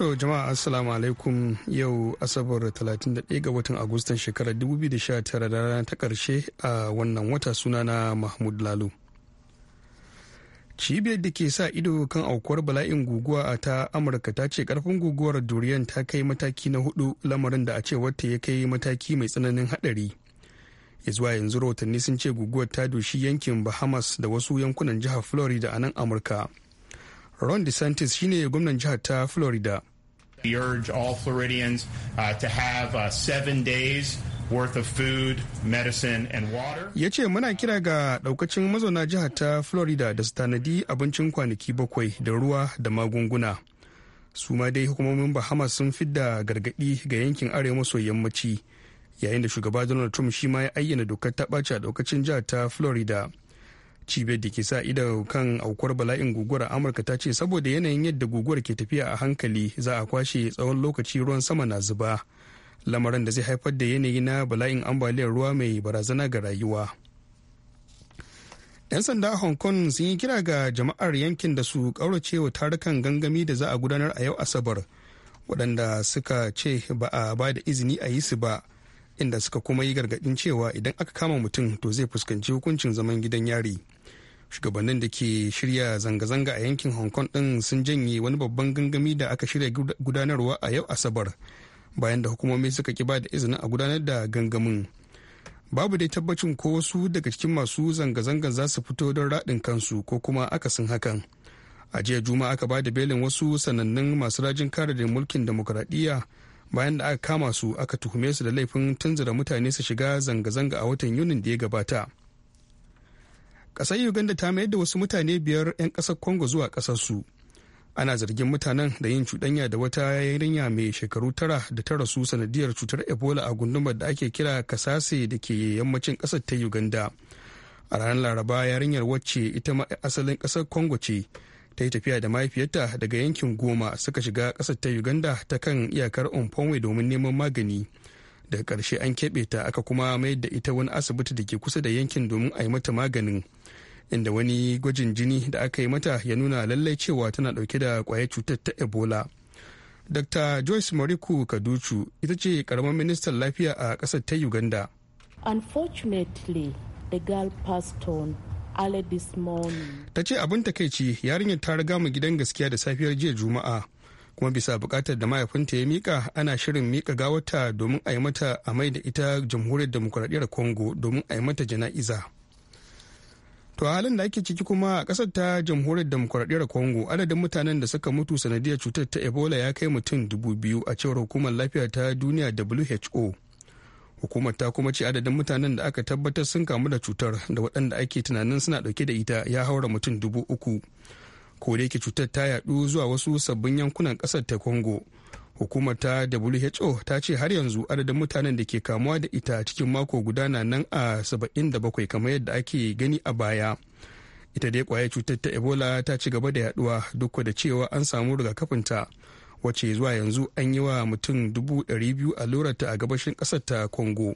To jama'a assalamu alaikum yau asabar 31 ga watan agustan shekarar 2019 da rana ta karshe a wannan wata suna na Mahmud Lalu. Cibiyar da ke sa ido kan aukuwar bala'in guguwa a ta Amurka ta ce karfin guguwar Durian ta kai mataki na hudu lamarin da a ce wata ya kai mataki mai tsananin hadari. ya zuwa yanzu rahotanni sun ce guguwar ta doshi yankin bahamas da wasu yankunan jihar florida a nan amurka ron desantis shine gwamnan jihar ta florida We urge all Floridians uh, to have uh, seven days worth of food, medicine, and water. Ya ce muna kira ga daukacin mazauna jihar ta Florida da su tanadi abincin kwanaki bakwai da ruwa da magunguna. Su ma dai hukumomin Bahamas sun fidda gargadi ga yankin arewa maso yammaci yayin da shugaba Donald Trump shi ma ya ayyana dokar ta ɓaci a daukacin jihar ta Florida. cibiyar da ke sa ido kan aukuwar bala'in guguwar amurka ta ce saboda yanayin yadda guguwar ke tafiya a hankali za a kwashe tsawon lokaci ruwan sama na zuba lamarin da zai haifar da yanayi na bala'in ambaliyar ruwa mai barazana ga rayuwa 'yan sanda a hong kong sun yi kira ga jama'ar yankin da su kauracewa tarukan gangami da za a gudanar a yau asabar waɗanda suka ce ba a ba da izini a yi su ba inda suka kuma yi gargaɗin cewa idan aka kama mutum to zai fuskanci hukuncin zaman gidan yari shugabannin da ke shirya zanga-zanga a yankin hong kong din sun janye wani babban gangami da aka shirya gudanarwa a yau asabar bayan da hukumomi suka ki da izinin a gudanar da gangamin babu dai tabbacin ko wasu daga cikin masu zanga zangan za su fito don raɗin kansu ko kuma aka akasin hakan a jiya juma aka ba da belin wasu sanannun masu rajin kare da mulkin demokuraɗiyya bayan da aka kama su aka tuhume su da laifin tunzura mutane su shiga zanga-zanga a watan yunin da ya gabata ƙasar uganda ta mayar da wasu mutane biyar 'yan ƙasar congo zuwa ƙasarsu ana zargin mutanen da yin cuɗanya da wata yarinya mai shekaru tara da ta rasu sanadiyar cutar ebola a gundumar da ake kira kasase da ke yammacin ƙasar ta uganda a ranar laraba yarinyar wacce ita ma asalin ƙasar congo ce ta yi tafiya da mahaifiyarta daga yankin goma suka shiga ƙasar ta uganda ta kan iyakar umfonwe domin neman magani daga ƙarshe an keɓe ta aka kuma mayar da ita wani asibiti da ke kusa da yankin domin a yi mata maganin inda wani gwajin jini da aka yi mata ya nuna lallai cewa tana dauke da kwayar cutar ta ebola dr joyce mariku kaduchu ita ce karamar ministan lafiya a kasar ta uganda unfortunately the girl passed on ta ce abin takaici yarinyar ta riga mu gidan gaskiya da safiyar jiya juma'a kuma bisa bukatar da mahaifinta ya mika ana shirin mika gawata domin a mata a mai da ita jamhuriyar demokuraɗiyyar congo domin a mata jana'iza to a halin da ake ciki kuma a kasar ta jamhuriyar demokuraɗiyyar congo adadin mutanen da suka mutu sanadiyar cutar ta ebola ya kai mutum dubu biyu a cewar hukumar lafiya ta duniya who hukumar ta kuma ce adadin mutanen da aka tabbatar sun kamu da cutar da waɗanda ake tunanin suna ɗauke da ita ya haura mutum dubu uku ko da yake cutar ta yaɗu zuwa wasu sabbin yankunan ƙasar ta congo hukumar ta who ta ce har yanzu adadin mutanen da ke kamuwa da ita cikin mako guda na nan a 77 kamar yadda ake gani a baya ita dai kwaya cutar ta ebola ta ci gaba da yaduwa duk da cewa an samu rigakafinta wacce zuwa yanzu an yi wa mutum 200,000 lorata a gabashin kasar ta congo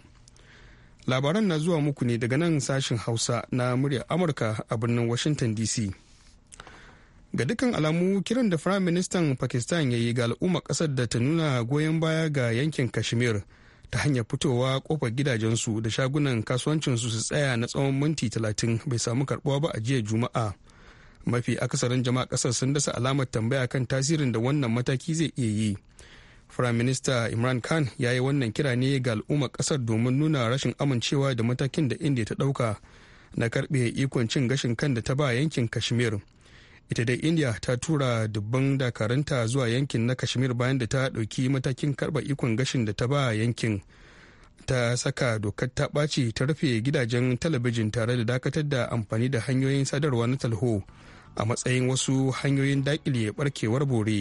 labaran na zuwa muku ne daga nan sashen hausa na muryar amurka a birnin washington dc ga dukkan alamu kiran da firayim ministan pakistan ya yi ga al'umma kasar da ta nuna goyon baya ga yankin kashmir ta hanyar fitowa kofar gidajensu da shagunan kasuwancinsu su tsaya na tsawon minti talatin bai samu karbuwa ba a jiya juma'a mafi akasarin jama'a kasar sun dasa alamar tambaya kan tasirin da wannan mataki zai iya yi firayim minista imran khan ya yi wannan kira ne ga al'umma kasar domin nuna rashin amincewa da matakin da indiya ta dauka na karbe ikon cin gashin kan da ta ba yankin kashmir ita dai india ta tura dubban dakaranta zuwa yankin na kashmir bayan da ta dauki matakin karba ikon gashin da ta ba yankin ta saka dokar ta ɓaci ta rufe gidajen talabijin tare da dakatar da amfani da hanyoyin sadarwa na talho a matsayin wasu hanyoyin dakile barkewar bore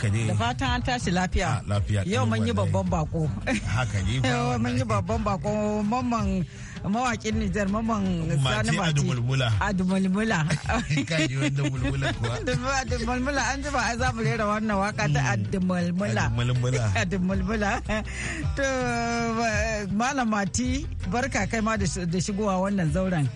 haka ne da fata an tashi lafiya ah, lafiya yau mun yi babban bako haka ne mun yi babban bako mamman mawakin Nijar maman Sani Mati. Adu Mulmula Adu Mulmula an ji ba a zamu rera wannan waka ta hmm. Adu Mulmula Adu Mulmula To Malam Mati barka kai ma da shigowa wannan zauren.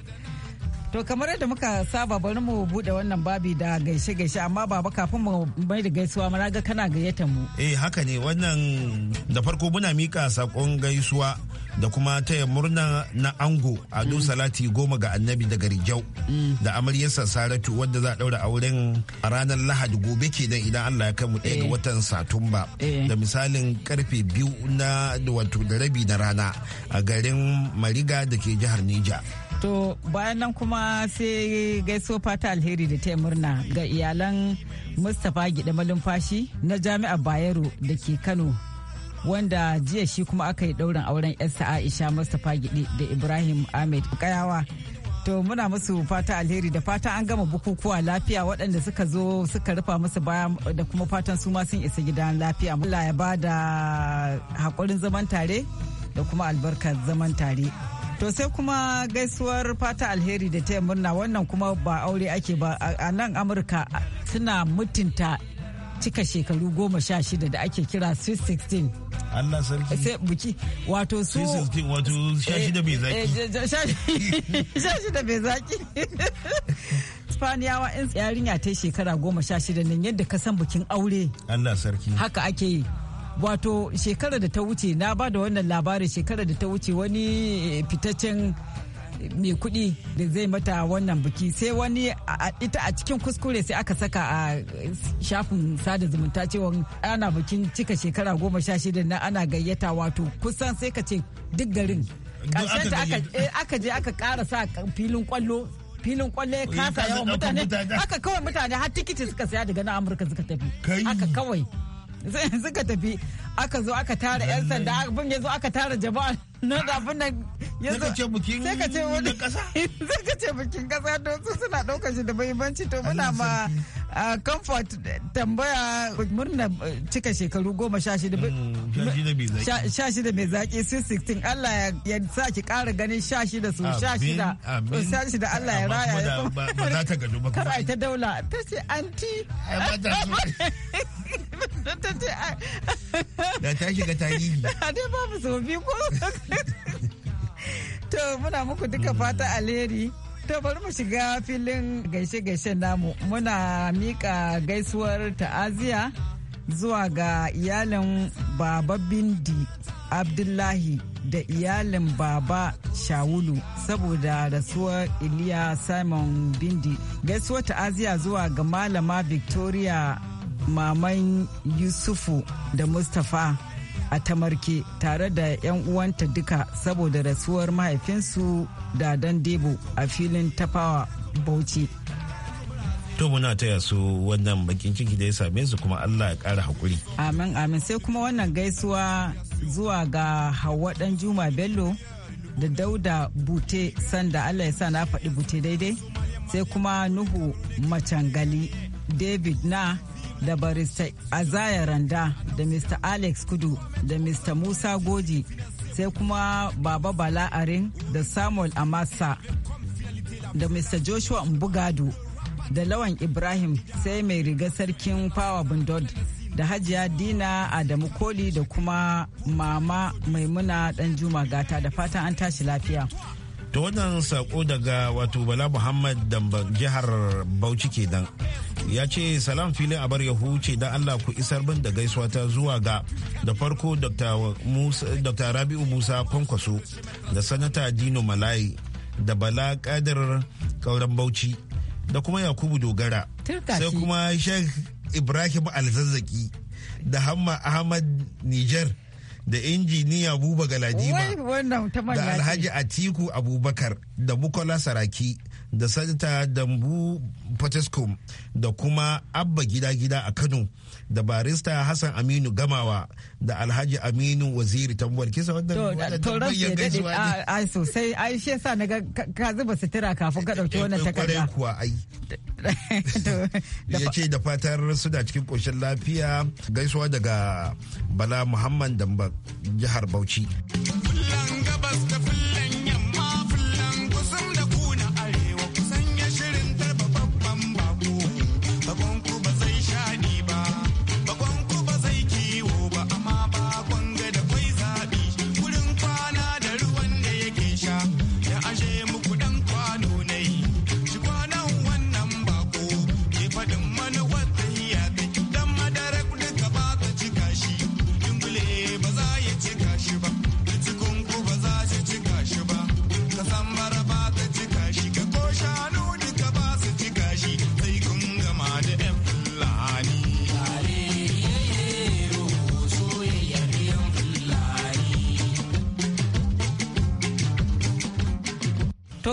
To kamar yadda muka saba bari mu bude wannan babi da gaishe-gaishe amma baba kafin mu mai da gaisuwa muna ga kana gayyatar mu. Eh haka ne wannan da farko muna mika sakon gaisuwa da kuma taya murna na ango a ado mm. salati goma ga annabi daga rijau mm. da amaryarsa saratu wadda za a daura auren a ranar lahadi gobe ke dan idan allah ya kai mu ɗaya ga eh. watan satumba eh. da misalin karfe biyu na wato da rabi na rana a garin mariga da ke jihar nija To bayan nan kuma sai gaiso fata alheri da ta murna ga iyalan Mustapha Gida Malumfashi na Jami'ar Bayero da ke Kano wanda jiya shi kuma aka yi ɗaurin auren yarsa Aisha Mustapha Gidi da Ibrahim Ahmed Kayawa. To muna musu fata alheri da fata an gama bukukuwa lafiya waɗanda suka zo suka rufa musu baya da kuma fatan su ma sun isa gidan lafiya. Allah ya ba da haƙurin zaman tare da kuma albarkar zaman tare. To sai kuma gaisuwar fata alheri da ta murna wannan kuma ba aure ake ba a nan Amurka suna mutunta cika shekaru goma sha shida da ake kira Sweet 16. Allah sarki. Sai buki wato su. Sweet 16 wato sha shida mai zaki. Eh, eh, sha shida mai zaki. Spaniyawa yarinya ta shekara goma sha shida nan yadda ka san bukin aure. Allah sarki. Haka ake yi. wato shekarar da ta wuce na ba da wannan labarin shekarar da ta wuce wani eh, fitaccen eh, mai kuɗi da zai mata wannan biki sai wani ita a cikin kuskure sai aka saka a eh, shafin sada zumunta cewa ana bikin cika shekara goma sha shida na ana gayyata wato kusan sai ka ce duk garin ƙarshen aka je aka ƙara sa filin kwallo filin kwallo ya kasa yawan mutane aka kawai mutane har tikiti suka saya daga na amurka suka tafi aka kawai suka tafi aka zo aka tara yan sanda abin ya zo aka tara jama'a na abin nan ya zo ce bikin sai ka ce wani kasa ka ce bikin kasa don su suna daukar shi da muhimmanci to muna ma comfort eh, tambaya murna eh, cika shekaru goma sha shida mm, sha shida mai zaki su 16 Allah ya sa ki kara ganin sha shida su sha shida sha shida Allah ya raya ya kuma kar ta daula ta ce anti da ta shiga tarihi a dai babu sau biyu ko to muna muku duka fata alheri To bari mu shiga filin gaishe gaishe namu muna mika gaisuwar ta'aziya zuwa ga iyalin baba bindi abdullahi da iyalin baba shawulu saboda rasuwar iliya simon bindi gaisuwar ta'aziya zuwa ga malama victoria maman yusufu da mustapha a tamarke tare da 'yan uwanta duka saboda rasuwar mahaifinsu da debo a filin tafawa bauchi to muna taya su wannan bakin ciki da ya same su kuma allah ya kara hakuri amin amin sai kuma wannan gaisuwa zuwa ga hawa dan juma bello da dauda bute sanda allah ya sa na faɗi bute daidai sai kuma nuhu macangali david na da barista Azaya Randa da Mr. Alex Kudu da Mr. Musa Goji sai kuma Baba Bala Arin da Samuel Amasa da Mr. Joshua Mbugadu da Lawan Ibrahim sai mai riga sarkin Power Bundod da Hajiya Dina Adamu Koli da kuma Mama Maimuna Danjuma Gata da fatan an tashi lafiya. to wannan sako daga wato bala muhammad damba jihar bauchi kenan ya ce salam filin a bar ya huce da allah ku isar bin da gaisuwa ta zuwa ga da farko dr rabi'u musa kwankwaso da sanata dino malayi da bala kadir kauran bauchi da kuma yakubu dogara sai kuma sheikh ibrahim alzazzaki da hamma ahmad niger da injiniya buba galadima da alhaji atiku abubakar da bukola saraki da sanita dambu potescom da kuma abba gida-gida a kano da barista hassan aminu gamawa da alhaji aminu waziri tambuwar kisa wadda bayan gaisuwa ne a sosai shi yasa na sutura kafin ka dauki wannan eh, eh, eh, takarda kuwa ai ya ce da fatar suna cikin koshin lafiya gaisuwa daga bala muhammad damba jihar bauchi gabas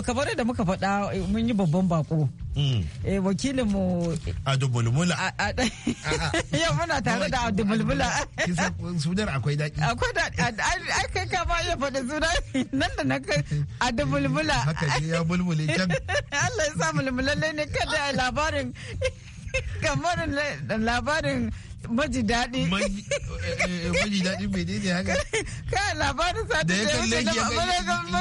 kamar da muka faɗa eh, mun yi babban bako. Hmm. Eh wakilin mu a dubulbula. yau muna tare da a dubulbula. sunar akwai daɗi. Akwai daɗi ai kai ka ba ya faɗi sunar nan da na kai a dubulbula. Haka ne ya bulbule can. Allah ya sa mulmulalle ne kada labarin kamar labarin maji daɗi maji eh, eh, daɗi mai ne haka kai labarin sa da ya kalle ki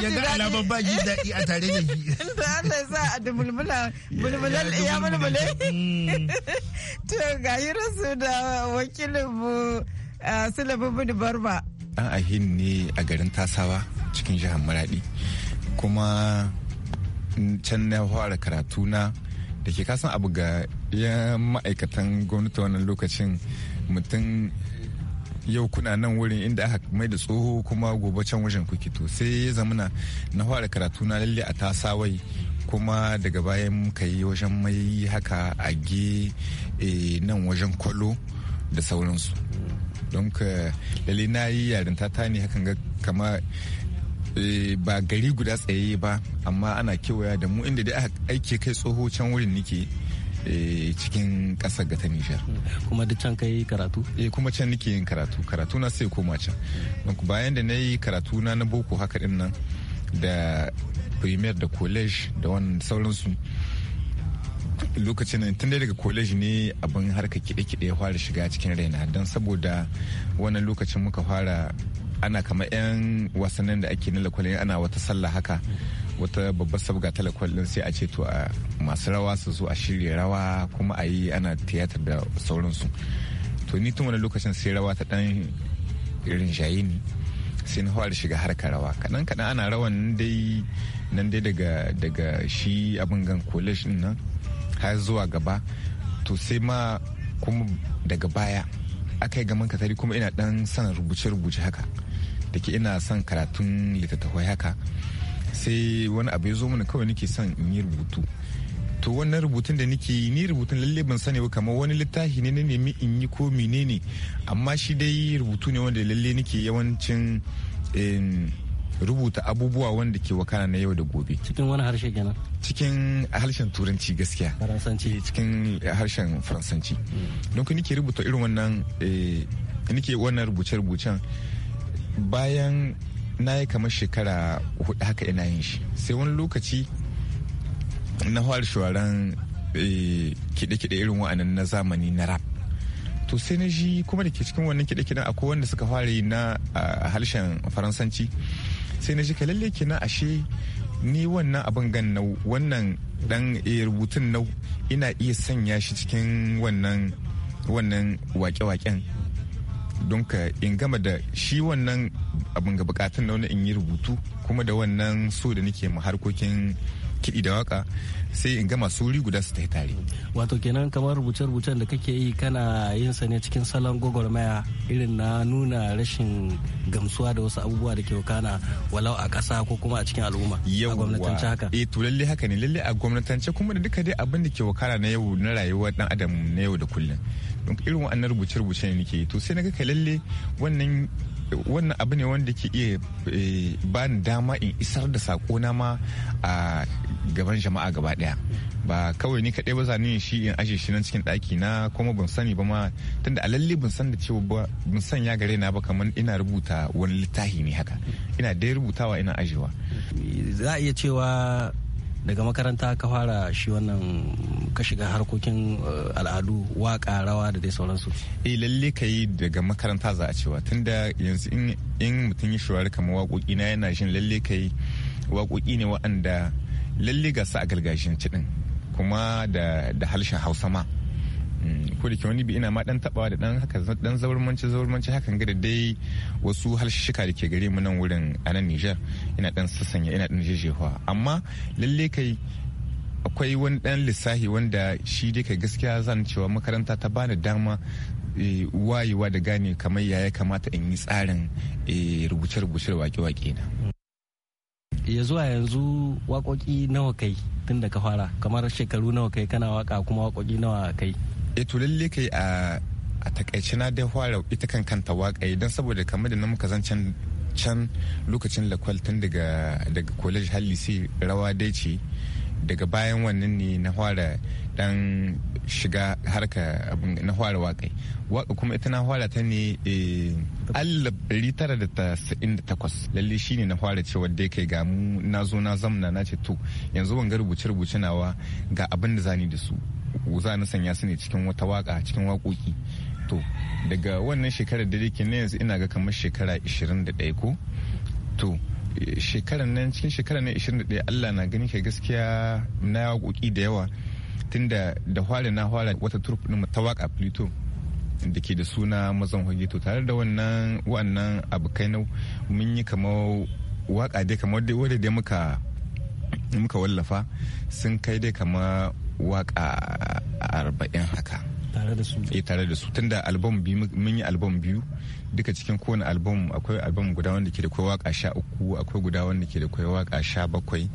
ya ga alamar ba ji daɗi a tare da ki da Allah ya sa a da mulmula mulmulan ya mulmule mm. to ga hirarsu da wakilin mu bin Barba dan ahin ne a garin tasawa cikin jihar maradi kuma can na fara karatu na da ke kasan abu ga ya ma'aikatan gwamnati wannan lokacin mutum yau kuna nan wurin inda aka mai da tsoho kuma gobe can wajen kuke to sai ya zamana na fara karatu na lalle a tasawai kuma daga bayan muka yi wajen mai haka a ge e, nan wajen kwallo da sauransu don ka lalle na yi yarinta ta ne hakan ga kama e, ba gari guda tsaye ba amma ana kewaya da mu inda dai aka aike kai tsoho can wurin nike Eh, cikin ƙasar ga ta Nijar. Kuma duk can kai karatu? Eh kuma can nake yin karatu. Karatu na sai koma can. Bayan da na yi karatu na na boko haka din nan da premier da college da wannan sauransu. lokacin tun daga college ne abin harka kiɗe-kiɗe ya fara shiga cikin raina don saboda wannan lokacin muka fara ana kama 'yan wasannin da ake na kwalin ana wata sallah haka wata babbar sabga talakwal din sai a ce to a masu rawa su zo a shirya rawa kuma a yi ana tiyatar da sauransu to ni tun wani lokacin sai rawa ta dan irin shayi ne sai na fara shiga harkar rawa kadan kadan ana rawan dai nan dai daga daga shi abin gan college din nan har zuwa gaba to sai ma kuma daga baya aka yi gaman katari kuma ina dan son rubuce-rubuce haka da ke ina son karatun littattafai haka sai wani abu ya zo mana kawai nake son in yi rubutu to wannan rubutun da nake yi ni rubutun lalle ban sani ba kamar wani littafi ne na nemi in yi ko menene amma shi dai rubutu ne wanda lalle nake yawancin rubuta abubuwa wanda ke wakana na yau da gobe. Cikin wani harshe kenan? Cikin harshen turanci gaskiya. Faransanci. Cikin harshen faransanci. Don ku nike rubuta irin wannan eh, nike wannan rubuce-rubucen bayan na yi kamar shekara hudu haka ina yin shi sai wani lokaci na fara shawaran eh, kiɗe-kiɗe irin wa'annan na zamani na rap to sai na ji kuma da ke cikin wannan kiɗe-kiɗen akwai wanda suka fara yi na harshen faransanci sai na ji ka lalle kenan ashe ni wannan abin gan na wannan dan eh, rubutun nau ina iya sanya shi cikin wannan wannan wake-waken don ka in gama da shi wannan abin ga bukatun na wani in yi rubutu kuma da wannan so da nake mu harkokin kiɗi da waka sai in gama suri guda su ta tare. Wato kenan kamar rubuce-rubucen da kake yi kana yin sa ne cikin salon gwagwarmaya irin na nuna rashin gamsuwa da wasu abubuwa da ke kana walau a ƙasa ko kuma a cikin al'umma. A gwamnatance haka. Eh to lalle haka ne lalle a gwamnatance kuma da duka dai abin da ke wakana na yau na rayuwar dan adam na yau da kullum. irin wa'annan rubuce-rubuce ne nake to sai na ga lalle wannan wannan abu ne wanda ke iya eh, ba ni dama in isar da sako na ma a gaban jama'a gaba daya ba kawai ni kaɗai ba za ni shi in ashe shi nan cikin ɗaki na kuma ban sani ba ma tunda alalle ban san da cewa ba ban san ya gare na ba kamar ina rubuta wani littafi ne haka ina dai rubutawa ina ajewa za a iya cewa daga makaranta ka fara shi wannan ka shiga harkokin eh, al'adu waka rawa da dai sauransu eh lalle ka yi daga makaranta za a cewa tunda yanzu in mutum ya shawari kamar waƙoƙi na yana shin lalle ka yi waƙoƙi ne waɗanda lalle ga su a gargajiyance din kuma da harshen hausa ma ko da ke wani bi ina ma dan tabawa da dan haka dan zaurmanci zaurmanci hakan ga da dai wasu halshika da ke gare mu nan wurin a nan Niger ina dan sassanya ina dan jejewa amma lalle kai akwai wani dan lissafi wanda shi dai kai gaskiya zan cewa makaranta ta bani dama eh, wayewa da gane kamar yaya kamata in yi tsarin eh, rubuce-rubuce wake-wake na. ya zuwa yanzu wakoki nawa kai tun da ka fara kamar shekaru nawa kai kana waka kuma wakoki nawa kai e to lalle kai a a takaice na dai fara ita kan kanta waka don saboda kamar da na muka zancen can lokacin lakwal tun daga daga college har sai rawa dai ce daga bayan wannan ne na fara dan shiga harka abin na fara waƙai waƙa kuma ita na fara ta ne eh, allah ɗari tara da tasa'in da takwas lalle shi ne na fara cewa dai kai ga mu na zo na zamna na ce to yanzu ban ga rubuce-rubuce nawa ga abin da zani da su za na sanya su ne cikin wata waka cikin waƙoƙi to daga wannan shekarar da dake na yanzu ina ga kamar shekara 21 ko to shekarar nan cikin shekarar nan 21 Allah na gani ke gaskiya na waƙoƙi da yawa tunda da hware na hware wata turp din ta waka Pluto da ke da suna mazan hoge to tare da wannan wannan abokai na mun yi kamar waka dai kamar dai wadda dai muka muka wallafa sun kai dai kamar waka arba'in haka tare da su tun eh, tare da su tunda album biyu mun yi album biyu duka cikin kowane album akwai album guda wanda ke da kai waka sha uku akwai guda wanda ke da kai waka sha bakwai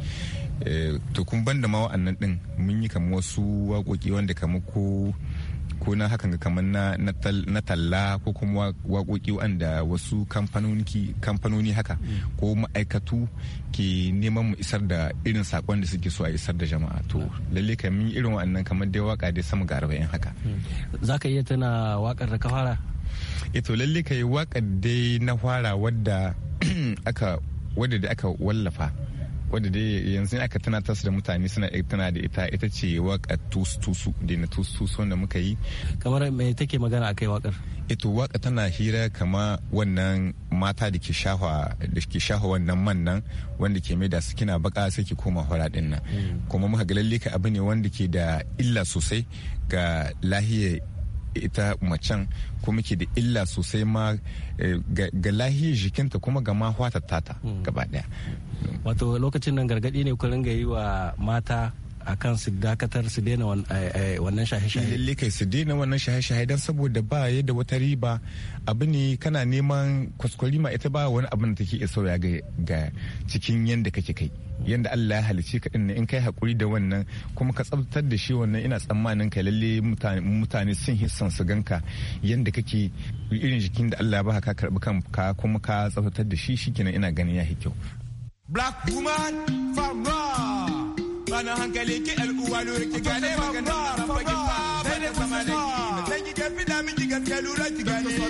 eh, to kun banda ma wa'annan din mun yi kamar wasu waƙoƙi wanda kamar ko ko na hakan kamar na talla ko kuma waƙoƙi wanda wasu kamfanoni haka mm. ko ma'aikatu ke neman mu isar da irin saƙon da suke so a isar da jama'a to lalle ka min irin wa'annan kamar dai waka dai sama ga arba'in haka mm. za ka iya tana wakar da ka fara eh to lalle ka yi dai na fara wadda aka wadda da aka wallafa wadda dai yanzu aka tana da mutane suna tana da ita ita ce waka tusu-tusu da na tusu-tusu wanda muka yi kamar me take magana akai wakar ita waka tana hira kama wannan mata da ke shafa da ke shafa wannan man nan wanda ke mai da su kina baka sai ki koma fara din nan hmm. kuma muka ga lalle ka abu ne wanda ke da illa sosai ga lahiyar ita macen kuma ke da illa sosai ma eh, ga lahiyar jikinta kuma ga ma tata hmm. gaba daya wato lokacin nan gargadi ne ku ringa yi wa mata akan su dakatar su daina eh, eh, wannan shahe-shahe lalle kai su daina wannan shahe-shahe don saboda ba da wata riba abu ne kana neman kwaskwari ma ita ba wani abin da take iya sauya ga cikin yadda kake kai yadda Allah ya halice ka ɗin in kai hakuri da wannan kuma ka tsabtar da shi wannan ina tsammanin ka lalle mutane sun hissan su ganka yadda kake irin jikin da Allah ya baka ka karbi ka kuma ka tsabtar da shi shikenan ina ganin ya kyau black woman from mana hankali ki yar uwa ki gane magana fara fara sai da zama ne ki fida miki gaskiya lura ki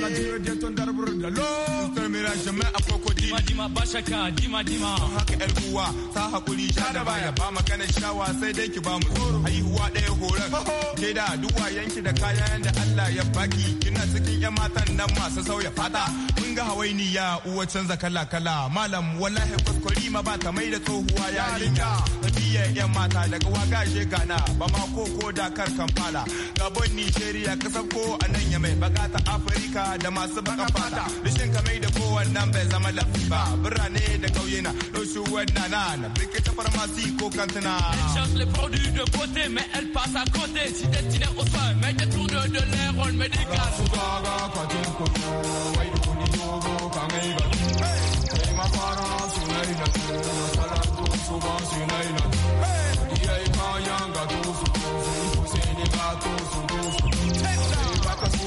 Bala jiro je da lo Sister Mira Jamai a koko dima ba shaka dima dima haka yar uwa ta hakuri sha da baya ba maganar shawa sai dai ki ba mu tsoro haihuwa ɗaya horar ke da duwa yanki da kayan da Allah ya baki kina cikin yan matan nan masu sauya fata kun ga hawainiya uwa canza kala kala malam wallahi kwaskwari ma ba ta mai da tsohuwa yarinya tafiya yan mata daga waga she gana ba ma koko dakar kar kampala gabon nigeria kasar ko a nan ya mai baka afirka jama'a da masu baka fata les de beauté mais elle passe à côté si au mais de l'air on me Hey!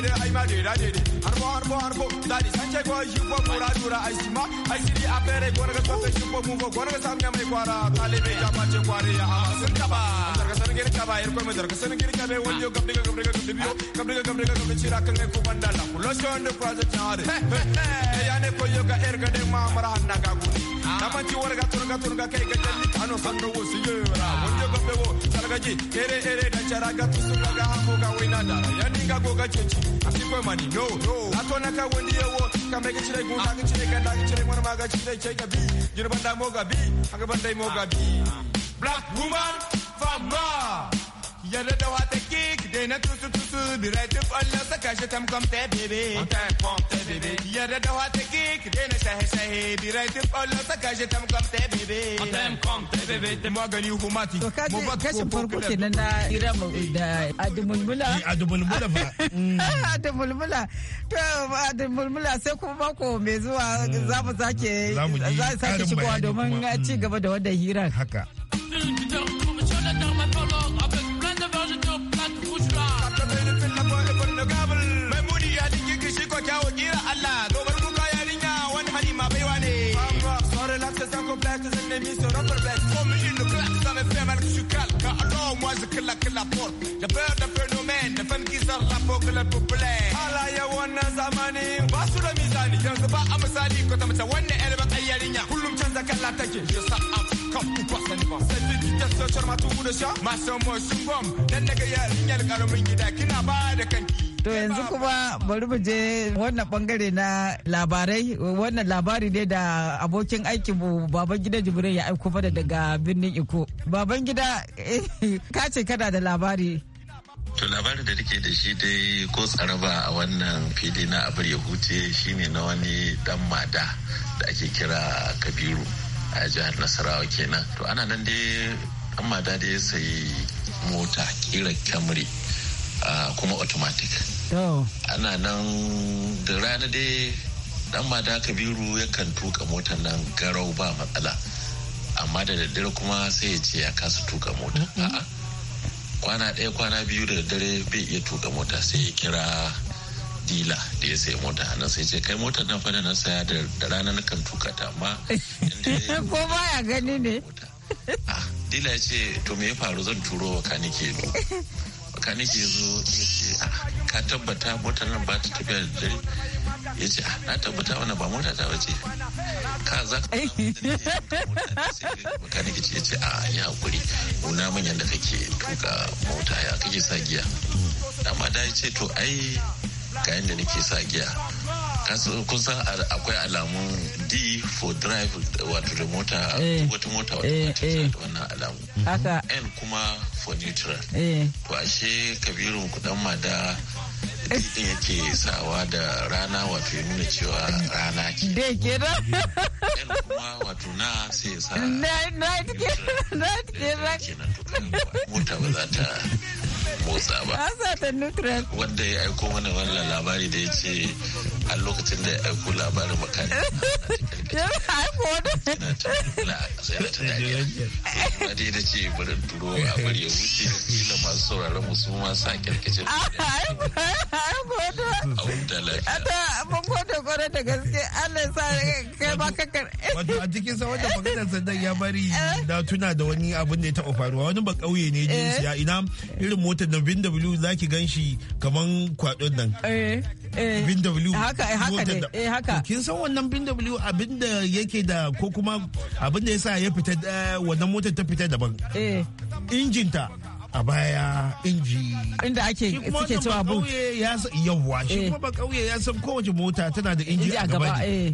dede ai ma deda dede harbo harbo harbo dadi sanche ko yi ko pura dura ai sima ai sidi apere ko ko ko mu ko sam kwara ya taba be a black woman fama yarda da wata kik dai na tusu tusu birai tun kwallon saka shi tamkom ta bebe yarda da wata kik dai na shahe shahe birai tun kwallon saka shi tamkom ta bebe magani humati to kaje kashi farko ke nan na ira mu da adumulmula adumulmula ba mm. adumulmula to adumulmula sai kuma mako mai zuwa mm. za mu sake za sake shigowa domin mm. ci gaba da wannan hirar haka la porte. Je peur d'un phénomène, de femmes qui sortent la peau que le populaire. Allah ya wannan zamani ba su da mizani yanzu ba a misali ko ta mace wannan yar bakan yarinya kullum canza kalla take. Je sa am kan kuka sani ba. Sai duk ta social matu da sha masu moshin bom dan ya yarinyar karamin gida kina ba da kanki. To yanzu kuma bari mu je wannan bangare na labarai wannan labari ne da abokin aiki mu baban gida Jibril ya aiko fada daga birnin Iko. Baban gida eh, ka ce kana da labari. To labarin da nake da shi dai ko tsaraba a wannan fili na abar yahuce shine na wani dan mada da ake kira Kabiru a jihar Nasarawa kenan. To ana nan dai dan mada da ya sayi mota kira Camry kuma automatic ana nan da rana dai dan mada kabiru yakan tuka motar nan garau ba matsala amma da daddare kuma sai ya ce ya kasa tuka mota mm-hmm. a'a kwana ɗaya kwana biyu da daddare bai iya tuka mota sai ya kira dila da ya sai mota nan sai ce kai motar nan fa da na saya da rana na kan tuka ta amma ko baya gani ne ah, dila ya ce to me ya faru zan turo wa kanike makaniki ke zo ya ce ah, ka tabbata motar nan ba ta tafiya da dare ya ce ah, na tabbata wani ba mota ta wace ka za ka eh. makaniki ce ya ce a ah, ya kuri nuna manyan yadda kake tuka mota ya kake sa giya amma da ya ce to ai ga yadda nake sa giya san akwai alamun d for drive wato da mota wata mota wata da wannan alamu n kuma for neutral to ashe kabirin kudan mada din yake sawa da rana wato ya nuna cewa rana ke da ke da kuma wato na sai ya sa na na ke na ke mota ba za ta motsa ba wanda ya aiko mana wannan labari da ya ce a lokacin da ya aiko labarin makani na dai da ce bari duro a bari ya wuce da kila masu sauraron musu ma sa kyarkacin a wuta lafiya kwarai da gaske Allah sa kai ba ka kar wato a cikin sa wanda maganar sandan ya bari da eh? tuna da wani abin da ya taɓa faruwa wani ba kauye ne je eh? ya ina irin motar da BMW zaki ganshi kaman kwadon nan eh, BMW haka haka ne eh haka kin san wannan BMW abin da yake da ko kuma abin da yasa ya fita wannan motar ta fita daban eh injin ta a baya inji inda ake suke cewa bu yawwa shi kuma ba kauye eh. ya san kowace mota tana da inji a gaba ne eh.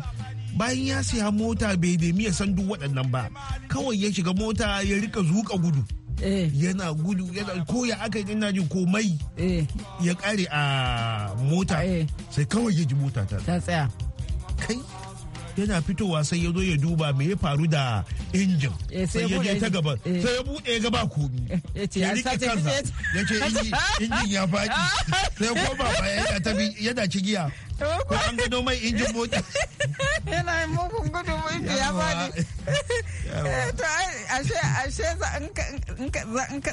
bayan ya siya mota bai nemi ya san duk waɗannan ba kawai ya shiga mota ya rika zuƙa gudu eh. yana gudu yana ko ya aka yi ina jin komai ya kare a mota sai kawai ya ji mota ta tsaya yana fitowa sai ya zo ya duba me ya faru da injin eh, sai ya je ta gaba eh. sai ya bude gaba komi ya rike kansa ya ce injin ya faɗi sai koma baya yana tafi yana ci giya ko an gado mai injin motsi yana yi mugun gudun injin ya faɗi eh, to ashe ashe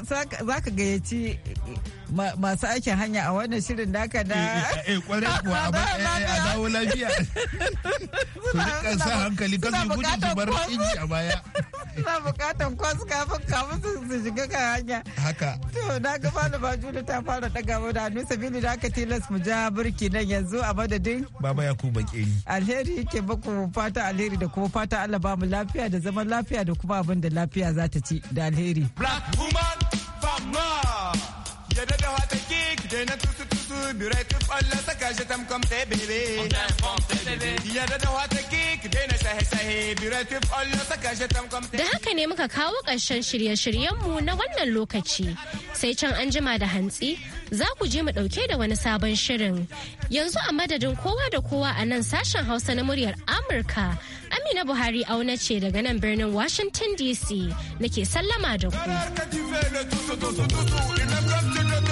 za ka gayyaci masu aikin hanya a wannan shirin naka da eh, eh, eh, eh kwarai kuwa a dawo lafiya su kan sa hankali kan su gudu su bar inji a baya suna bukatan kwas kafin kafin su shiga kan hanya haka to na ga malama juna ta fara daga mu da nusa sabili da aka tilas mu ja burki nan yanzu a madadin baba ya ku bakeri alheri yake baku fata alheri da kuma fata Allah ba mu lafiya da zaman lafiya da kuma abin da lafiya za ta ci da alheri black woman na tutu birai Allah tam kom te bebe. ya da wata kik sahe sahe birai Allah tam kom te. Da haka ne muka kawo ƙarshen shirye mu na wannan lokaci. Sai can an jima da hantsi za ku je mu ɗauke da wani sabon shirin. Yanzu a madadin kowa da kowa a nan sashen Hausa na muryar Amurka. Amina Buhari auna ce daga nan birnin Washington DC nake sallama da ku.